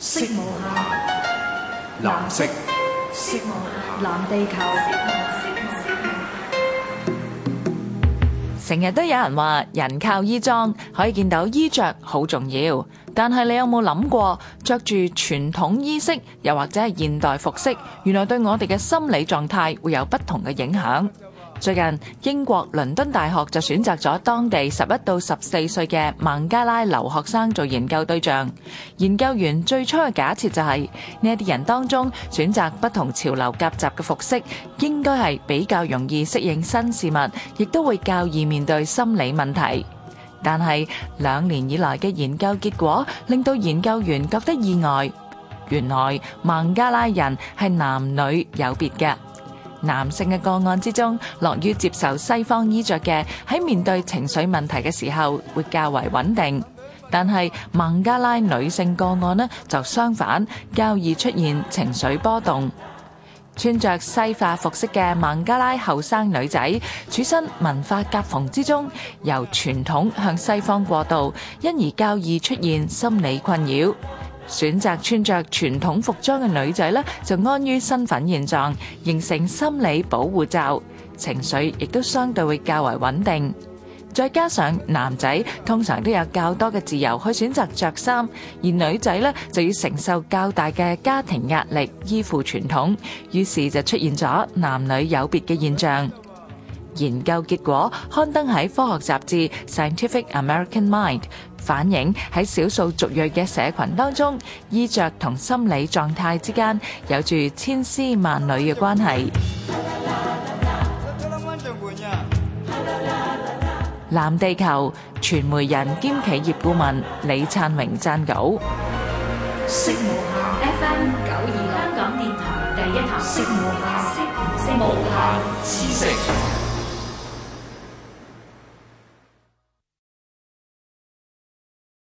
色無限，藍色，色無限，藍地球。成日都有人話人靠衣裝，可以見到衣着好重要。但係你有冇諗過，着住傳統衣飾，又或者係現代服飾，原來對我哋嘅心理狀態會有不同嘅影響？最近，英國倫敦大學就選擇咗當地11到14歲嘅孟加拉留學生做研究對象。研究員最初嘅假設就係，呢一啲人當中選擇不同潮流夾雜嘅服飾，應該係比較容易適應新事物，亦都會較易面對心理問題。但係，兩年以來嘅研究結果令到研究員覺得意外。原來，孟加拉人係男女有別嘅。男性嘅個案之中，樂於接受西方衣着嘅喺面對情緒問題嘅時候，會較為穩定。但係孟加拉女性個案呢，就相反，較易出現情緒波動。穿着西化服飾嘅孟加拉後生女仔，處身文化夾縫之中，由傳統向西方過渡，因而較易出現心理困擾。選擇穿着傳統服裝嘅女仔呢，就安於身份現狀，形成心理保護罩，情緒亦都相對會較為穩定。再加上男仔通常都有較多嘅自由去選擇着衫，而女仔呢就要承受較大嘅家庭壓力，依附傳統，於是就出現咗男女有別嘅現象。研究結果刊登喺科學雜誌《Scientific American Mind》，反映喺少數族裔嘅社群當中，衣著同心理狀態之間有住千絲萬縷嘅關係。藍地球傳媒人兼企業顧問李燦榮撰稿。